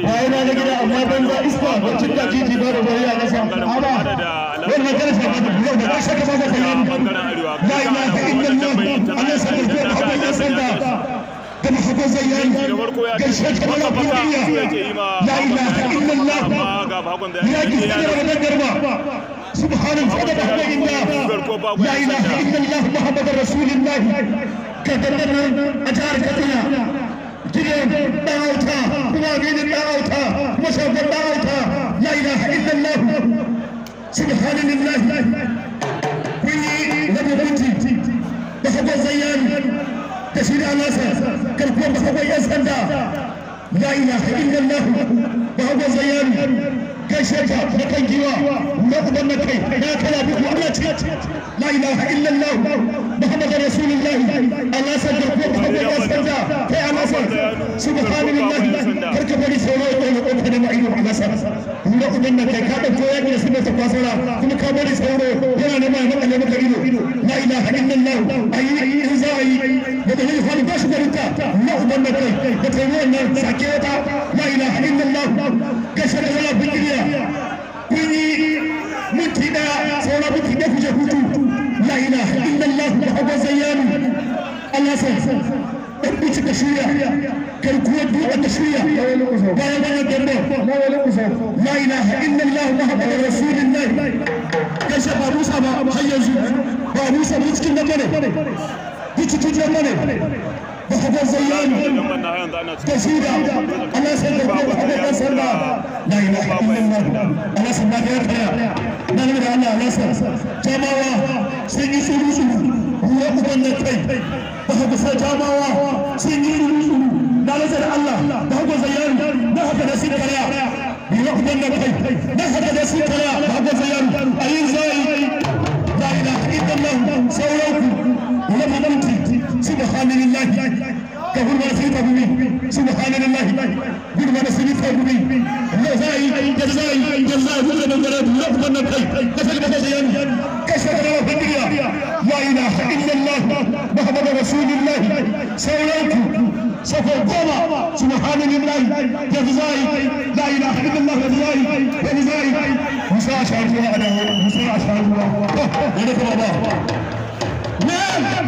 bayan na na banza iska bancin da jiji ba da bari a Allah muhammadu rasulullahi ka dangar a jihar katsina kije dan auta kuma gini dan auta kuma shagon dan la ilaha illallah subhanallah kun yi da mutunci da hagon da shi da alasa karkuwar da sanda la ilaha illallah da hagon gaishe ka na kan giwa na uban na kai na la ilaha illallah محمد رسول الله الله سجل قوة محمد أسكنجا كي أنا سبحان الله كرك بني سوما يقول قوم كنا معين وحنا سر هنا أمنا كي كابا جويا كي سنة تقاصرا كنا كابري سوما هنا نما نما نما كريلو لا إله إلا الله أي إنزاي بدل يفعل باش بريكا لا أمنا كي بتقولنا سكيتا لا إله إلا الله كشر ولا بكريا ta'ina inda Allah da hawa zayyanu Allah sai dan bici ka shirya kai kuwa duka ka shirya bayan wannan dambe la ilaha illa Allah muhammadur rasulullah kai sai ba Musa ba yanzu da zayyano da shida Allah sun yi suru suru ruwa uban da kai sun yi da Allah haka haka da kai haka haka سبحان الله كفر ما سيد أبوي سبحان الله قل ما سيد أبوي جزاي جزاي جزاي ولا من جرب لف من نبي كسر بسيان كسر الله بدريا لا إله إلا الله محمد رسول الله سيرك سفر قوما سبحان الله جزاي لا إله إلا الله جزاي جزاي مساء شهر الله مساء شهر الله يا أنا الله نعم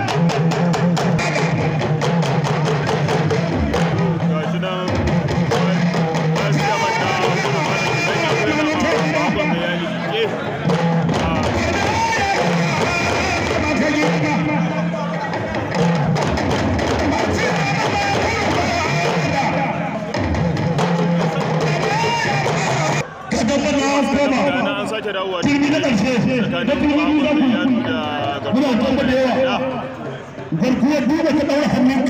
garkuwa duba ka ɗaura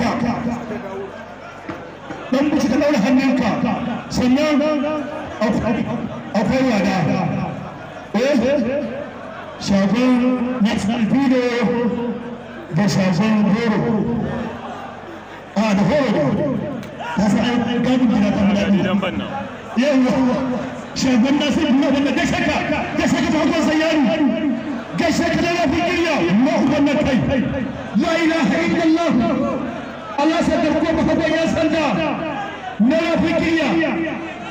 ɗaura sannan wada shagon da a ta sa'ai ƙarfin gida ta شيخ الناصر ما هو جشك جشك فوق الزيان جشك لنا في الدنيا ما هو لا إله إلا الله الله سدركم هو يا سندا نرى فكريا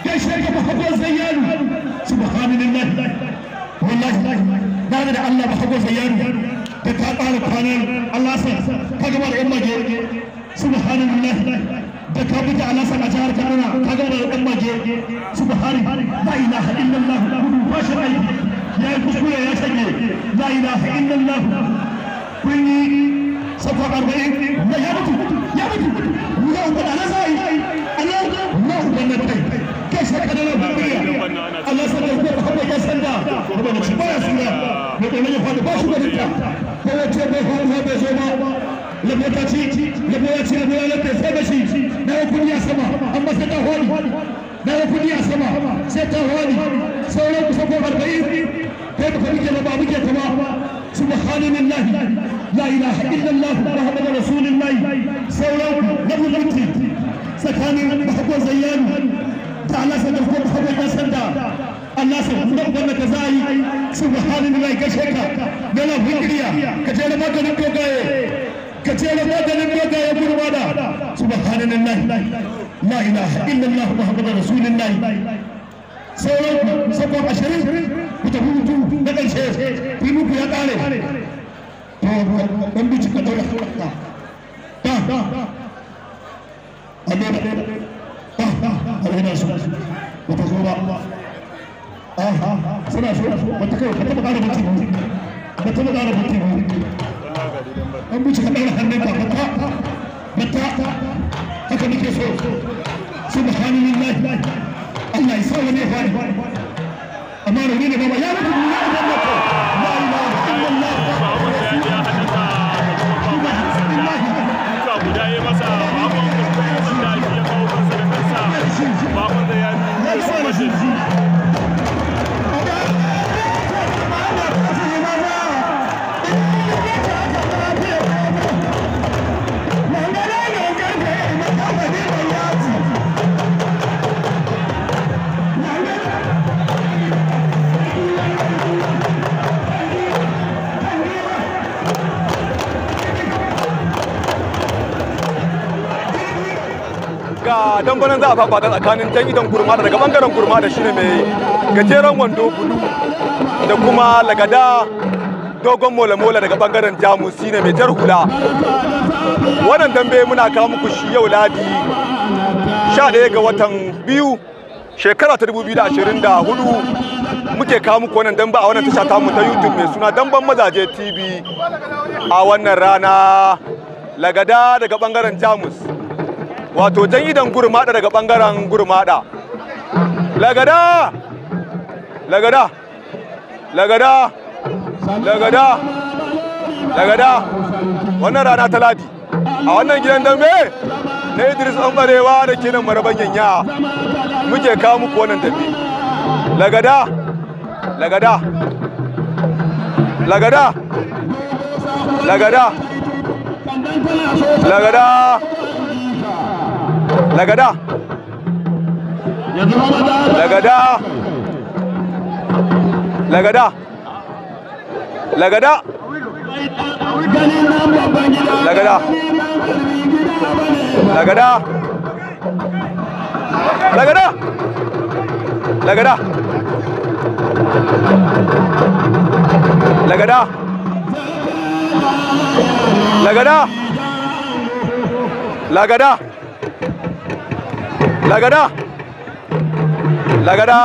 جشك فوق الزيان سبحان الله والله نادر الله فوق الزيان تكاد على الله سبحان الله سبحان الله da ka buga alasan a jihar kaduna ka gane da dan mage subhari la ilaha illallah gudu washin aiki ya yi kuskure ya sanye la ilaha illallah kun yi sakwa arba'in da ya mutu ya mutu ya ubana na zai ana na ubana tai kai sai ka dana buriya Allah sai ya kuma kuma ya sanda kuma ba ya sura ne ne ya ba da ta ko wace bai hawo bai zo ba labo ta ci labo ya ci labo sai da shi na yi kudi a sama amma sai ta hori na yi kudi a sama sai ta hori sauran kusa ko arba'in kai ba muke ba ba muke ta ba subhanallahi la ilaha na da Allah sanda Allah ka كتير ماذا لماذا يقول ماذا سبحان الله لا إله إلا الله محمد رسول الله سوف سوف عشرين بتقولوا نقل شيء في مكي هتعلم من بيجي كدولة تا تا أمير تا تا أمير سبحان الله طيب. طيب، آه سنا آه، آه. سنا بتكلم بتكلم عربي بتكلم عربي an wuce ka ɗaura hannun kwanan za a fafata tsakanin jan idan gurma daga bangaren gurma da shine mai gajeren wando bulu da kuma lagada dogon mola-mola daga bangaren jamus shine mai jar hula wannan dambe muna kawo muku shi yau ladi 11 ga watan biyu shekara ta 2024 muke kawo muku wannan damba a wannan tasha mu ta YouTube mai suna damban mazaje TV a wannan rana lagada daga bangaren Jamus wato jan idan gurmada daga bangaren gurmada lagada lagada lagada lagada lagada wannan rana ta ladi a wannan gidan dambe na idris ambarewa da ke nan maraban yanya muke kawo muku wannan dambe lagada lagada lagada lagada lagada lagada lagada lagada lagada lagada lagada lagada lagada lagada lagada lagada Lagada! lagada lagada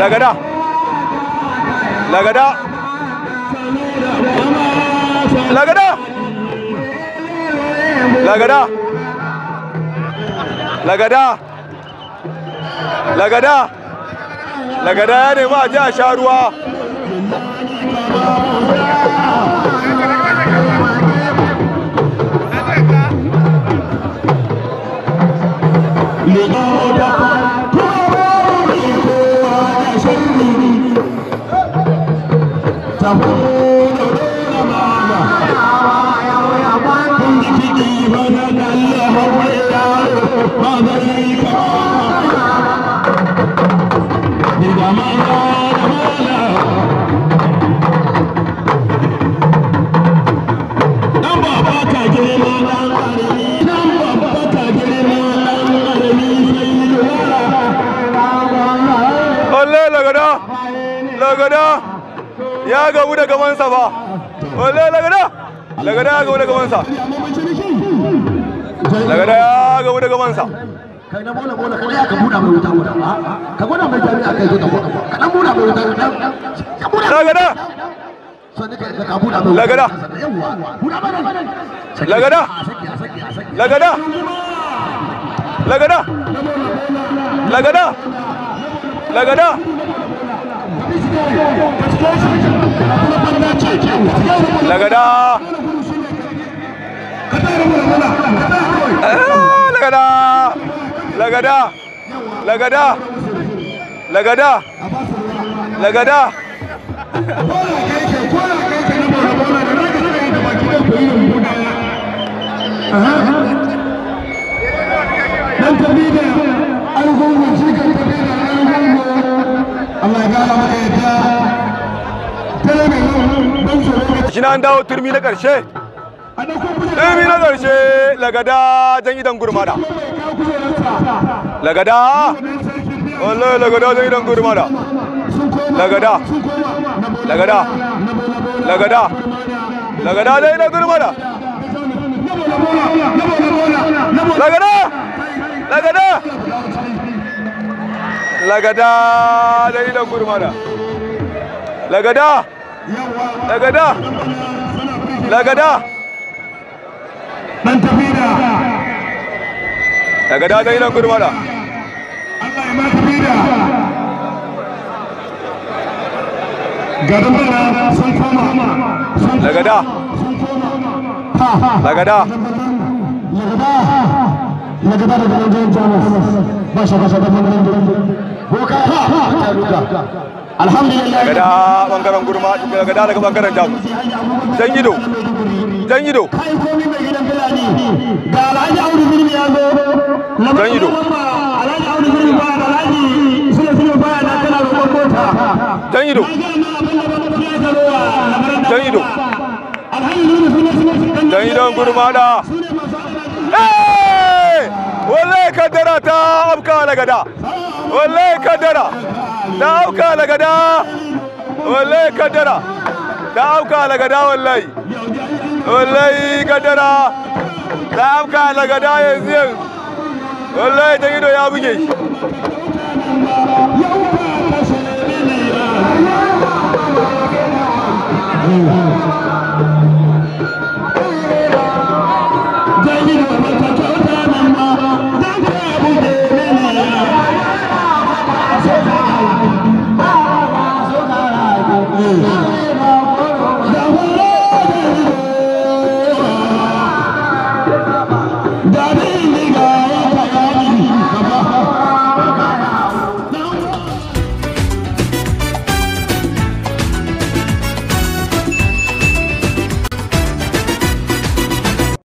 lagada lagada lagada lagada lagada lagada lagada ya nemi a ji a sha ruwa Thank you. walle lagada lagada ya gabu da gabansa ba walle lagada lagada ya gabu da gabansa lagada ya gabu da gabansa lagada lagada lagada lagada lagada lagada lagada lagada eh, lagada lagada lagada lagada lagada Uh-huh. gashi na an dawo turmi na ƙarshe turmi na ƙarshe lagada jan idan gurmada lagada wallahi lagada jan idan gurmada lagada lagada lagada lagada jan idan gurmada lagada lagada lagada jan idan gurmada lagada lagada lagada dan tafi da lagada zai nan gudu mana Allah ya ma tafi da gadamana sun koma lagada lagada lagada lagada daga nan jamus ba shaka shaka ban alhamdulillah gada bangaren gurma gada daga bangaren jamu dan ido dan ido gidan ga alhaji ya zo dan ido alhaji ba alhaji ba dan ido dan ido dan idon gurma da wallahi kaddara ta afka lagada wallahi kaddara da auka lagada wallahi kaddara da auka lagada wallahi wallahi kaddara da auka lagada yanzu yanzu wallahi ta ido ya buge shi Thank you.